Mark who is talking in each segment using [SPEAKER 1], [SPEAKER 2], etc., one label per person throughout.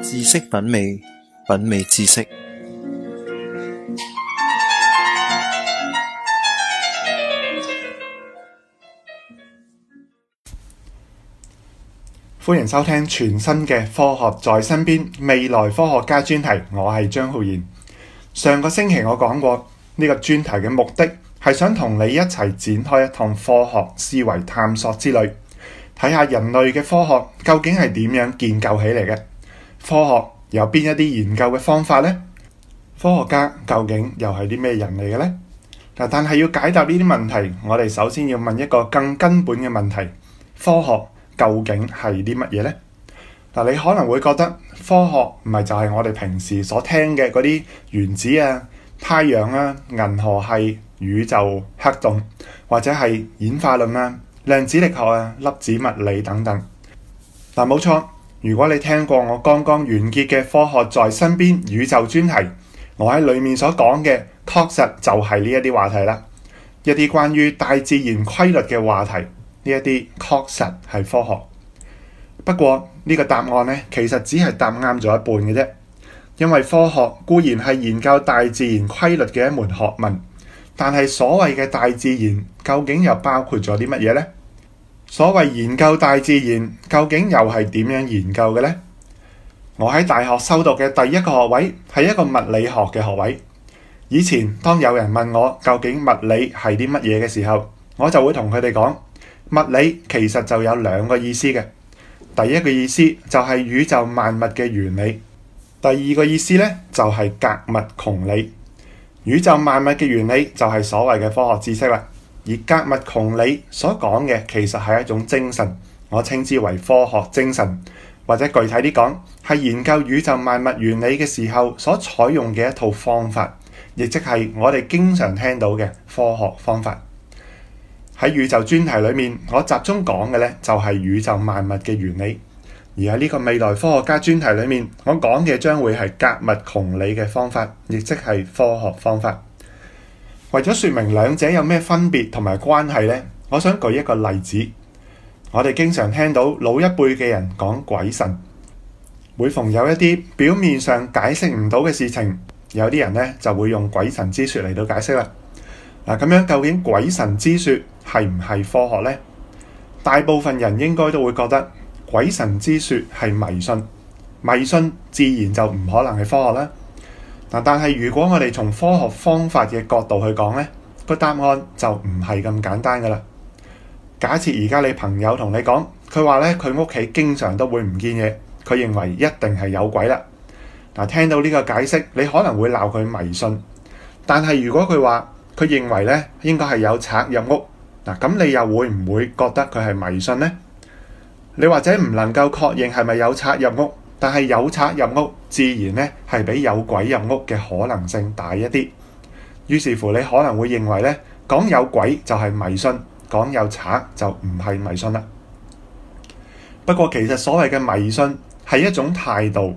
[SPEAKER 1] 知識品味，品味知識。歡迎收聽全新嘅《科學在身邊》未來科學家專題，我係張浩然。上個星期我講過呢個專題嘅目的，係想同你一齊展開一趟科學思維探索之旅。睇下人類嘅科學究竟係點樣建構起嚟嘅？科學有邊一啲研究嘅方法呢？科學家究竟又係啲咩人嚟嘅呢？嗱，但係要解答呢啲問題，我哋首先要問一個更根本嘅問題：科學究竟係啲乜嘢呢？嗱，你可能會覺得科學唔係就係我哋平時所聽嘅嗰啲原子啊、太陽啊、銀河系、宇宙、黑洞或者係演化論啊。量子力學啊，粒子物理等等，嗱，冇錯。如果你聽過我剛剛完結嘅《科學在身邊宇宙》專題，我喺裡面所講嘅確實就係呢一啲話題啦，一啲關於大自然規律嘅話題，呢一啲確實係科學。不過呢個答案咧，其實只係答啱咗一半嘅啫，因為科學固然係研究大自然規律嘅一門學問，但係所謂嘅大自然究竟又包括咗啲乜嘢呢？所謂研究大自然，究竟又係點樣研究嘅呢？我喺大學修讀嘅第一個學位係一個物理學嘅學位。以前當有人問我究竟物理係啲乜嘢嘅時候，我就會同佢哋講，物理其實就有兩個意思嘅。第一個意思就係宇宙萬物嘅原理，第二個意思呢就係格物窮理。宇宙萬物嘅原理就係所謂嘅科學知識啦。而格物窮理所講嘅其實係一種精神，我稱之為科學精神，或者具體啲講，係研究宇宙萬物原理嘅時候所採用嘅一套方法，亦即係我哋經常聽到嘅科學方法。喺宇宙專題裏面，我集中講嘅咧就係宇宙萬物嘅原理，而喺呢個未來科學家專題裏面，我講嘅將會係格物窮理嘅方法，亦即係科學方法。為咗說明兩者有咩分別同埋關係呢，我想舉一個例子。我哋經常聽到老一輩嘅人講鬼神，每逢有一啲表面上解釋唔到嘅事情，有啲人咧就會用鬼神之說嚟到解釋啦。嗱，咁樣究竟鬼神之說係唔係科學呢？大部分人應該都會覺得鬼神之說係迷信，迷信自然就唔可能係科學啦。但係如果我哋從科學方法嘅角度去講呢，個答案就唔係咁簡單噶啦。假設而家你朋友同你講，佢話呢，佢屋企經常都會唔見嘢，佢認為一定係有鬼啦。嗱，聽到呢個解釋，你可能會鬧佢迷信。但係如果佢話佢認為呢，應該係有賊入屋，嗱，咁你又會唔會覺得佢係迷信呢？你或者唔能夠確認係咪有賊入屋？但係有賊入屋，自然咧係比有鬼入屋嘅可能性大一啲。於是乎，你可能會認為咧，講有鬼就係迷信，講有賊就唔係迷信啦。不過其實所謂嘅迷信係一種態度，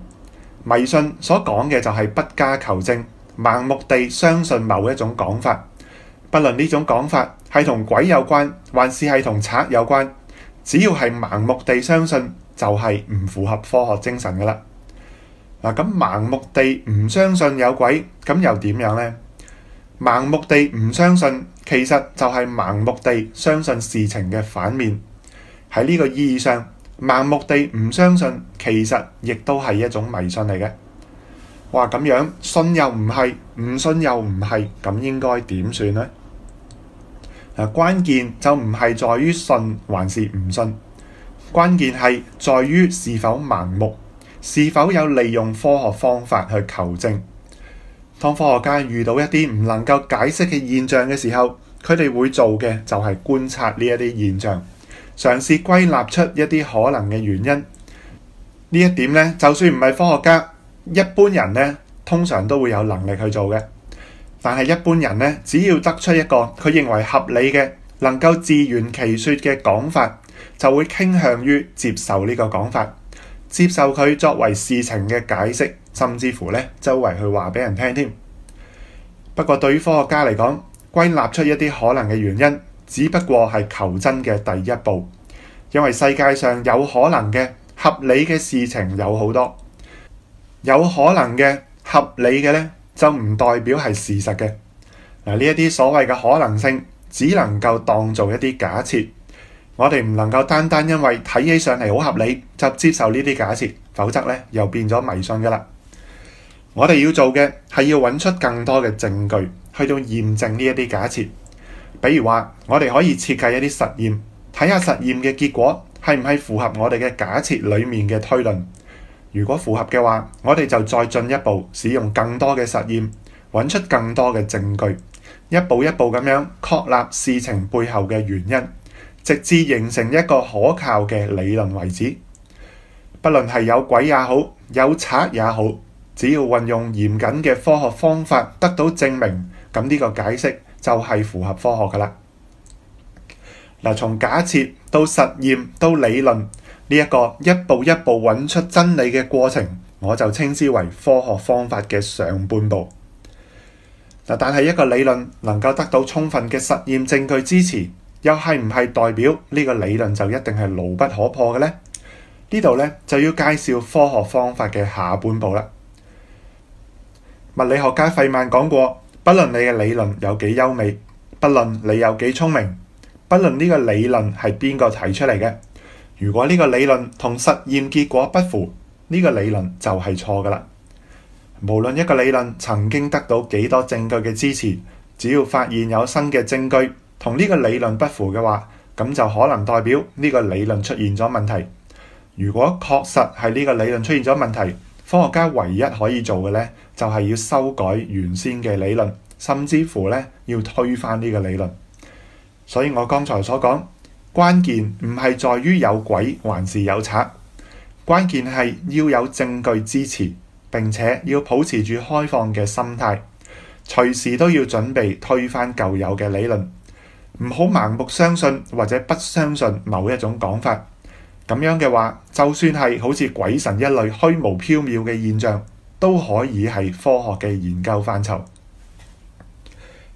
[SPEAKER 1] 迷信所講嘅就係不加求證，盲目地相信某一種講法。不論呢種講法係同鬼有關，還是係同賊有關，只要係盲目地相信。就係唔符合科學精神㗎喇。嗱，咁盲目地唔相信有鬼，咁又點樣呢？盲目地唔相信，其實就係盲目地相信事情嘅反面。喺呢個意義上，盲目地唔相信，其實亦都係一種迷信嚟嘅。哇，咁樣信又唔係，唔信又唔係，咁應該點算呢？啊，關鍵就唔係在於信還是唔信。關鍵係在於是否盲目，是否有利用科學方法去求證。當科學家遇到一啲唔能夠解釋嘅現象嘅時候，佢哋會做嘅就係觀察呢一啲現象，嘗試歸納出一啲可能嘅原因。呢一點咧，就算唔係科學家，一般人咧通常都會有能力去做嘅。但係一般人咧，只要得出一個佢認為合理嘅、能夠自圓其說嘅講法，就會傾向於接受呢個講法，接受佢作為事情嘅解釋，甚至乎咧周圍去話俾人聽添。不過對於科學家嚟講，歸納出一啲可能嘅原因，只不過係求真嘅第一步，因為世界上有可能嘅合理嘅事情有好多，有可能嘅合理嘅呢，就唔代表係事實嘅。嗱，呢一啲所謂嘅可能性，只能夠當做一啲假設。我哋唔能夠單單因為睇起上嚟好合理就接受呢啲假設，否則呢又變咗迷信㗎喇。我哋要做嘅係要揾出更多嘅證據去到驗證呢一啲假設，比如話我哋可以設計一啲實驗，睇下實驗嘅結果係唔係符合我哋嘅假設裡面嘅推論。如果符合嘅話，我哋就再進一步使用更多嘅實驗揾出更多嘅證據，一步一步咁樣確立事情背後嘅原因。直至形成一個可靠嘅理論為止，不論係有鬼也好，有賊也好，只要運用嚴謹嘅科學方法得到證明，咁呢個解釋就係符合科學㗎喇。嗱，從假設到實驗到理論呢一個一步一步揾出真理嘅過程，我就稱之為科學方法嘅上半部。但係一個理論能夠得到充分嘅實驗證據支持。又係唔係代表呢個理論就一定係牢不可破嘅呢？呢度咧就要介紹科學方法嘅下半部啦。物理學家費曼講過：不論你嘅理論有幾優美，不論你有幾聰明，不論呢個理論係邊個提出嚟嘅，如果呢個理論同實驗結果不符，呢個理論就係錯噶啦。無論一個理論曾經得到幾多證據嘅支持，只要發現有新嘅證據，同呢個理論不符嘅話，咁就可能代表呢個理論出現咗問題。如果確實係呢個理論出現咗問題，科學家唯一可以做嘅呢，就係要修改原先嘅理論，甚至乎呢，要推翻呢個理論。所以我剛才所講，關鍵唔係在於有鬼還是有賊，關鍵係要有證據支持，並且要保持住開放嘅心態，隨時都要準備推翻舊有嘅理論。唔好盲目相信或者不相信某一種講法，咁樣嘅話，就算係好似鬼神一類虛無縹緲嘅現象，都可以係科學嘅研究範疇。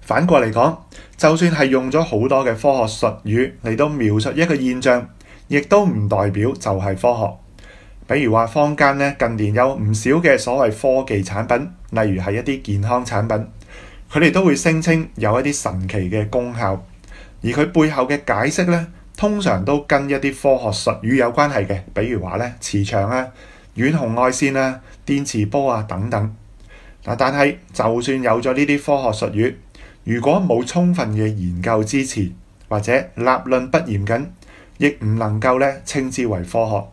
[SPEAKER 1] 反過嚟講，就算係用咗好多嘅科學術語嚟到描述一個現象，亦都唔代表就係科學。比如話，坊間咧近年有唔少嘅所謂科技產品，例如係一啲健康產品，佢哋都會聲稱有一啲神奇嘅功效。而佢背後嘅解釋咧，通常都跟一啲科學術語有關係嘅，比如話咧，磁場啊、遠紅外線啊、電磁波啊等等。但係就算有咗呢啲科學術語，如果冇充分嘅研究支持或者立論不嚴謹，亦唔能夠咧稱之為科學。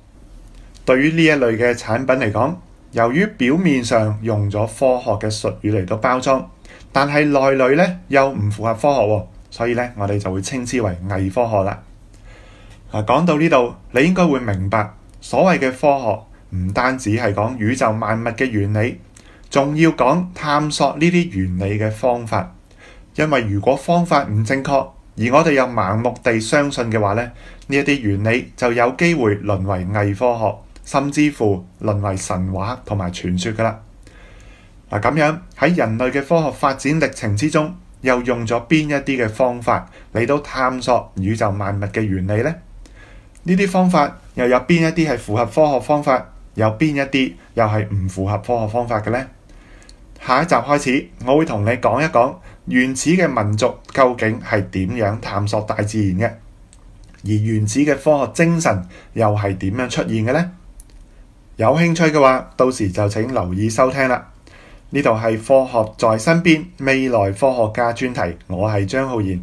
[SPEAKER 1] 對於呢一類嘅產品嚟講，由於表面上用咗科學嘅術語嚟到包裝，但係內裏咧又唔符合科學喎、哦。所以咧，我哋就會稱之為偽科學啦。嗱，講到呢度，你應該會明白，所謂嘅科學唔單止係講宇宙萬物嘅原理，仲要講探索呢啲原理嘅方法。因為如果方法唔正確，而我哋又盲目地相信嘅話咧，呢一啲原理就有機會淪為偽科學，甚至乎淪為神話同埋傳說噶啦。嗱，咁樣喺人類嘅科學發展歷程之中，又用咗邊一啲嘅方法嚟到探索宇宙萬物嘅原理呢？呢啲方法又有邊一啲係符合科學方法，又有邊一啲又係唔符合科學方法嘅呢？下一集開始，我會同你講一講原始嘅民族究竟係點樣探索大自然嘅，而原始嘅科學精神又係點樣出現嘅呢？有興趣嘅話，到時就請留意收聽啦。呢度係科學在身邊未來科學家專題，我係張浩然，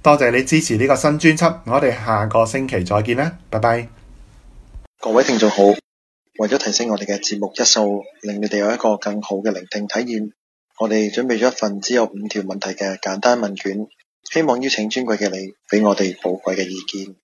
[SPEAKER 1] 多謝你支持呢個新專輯，我哋下個星期再見啦，拜拜！各位聽眾好，為咗提升我哋嘅節目質素，令你哋有一個更好嘅聆聽體驗，我哋準備咗一份只有五條問題嘅簡單問卷，希望邀請尊貴嘅你俾我哋寶貴嘅意見。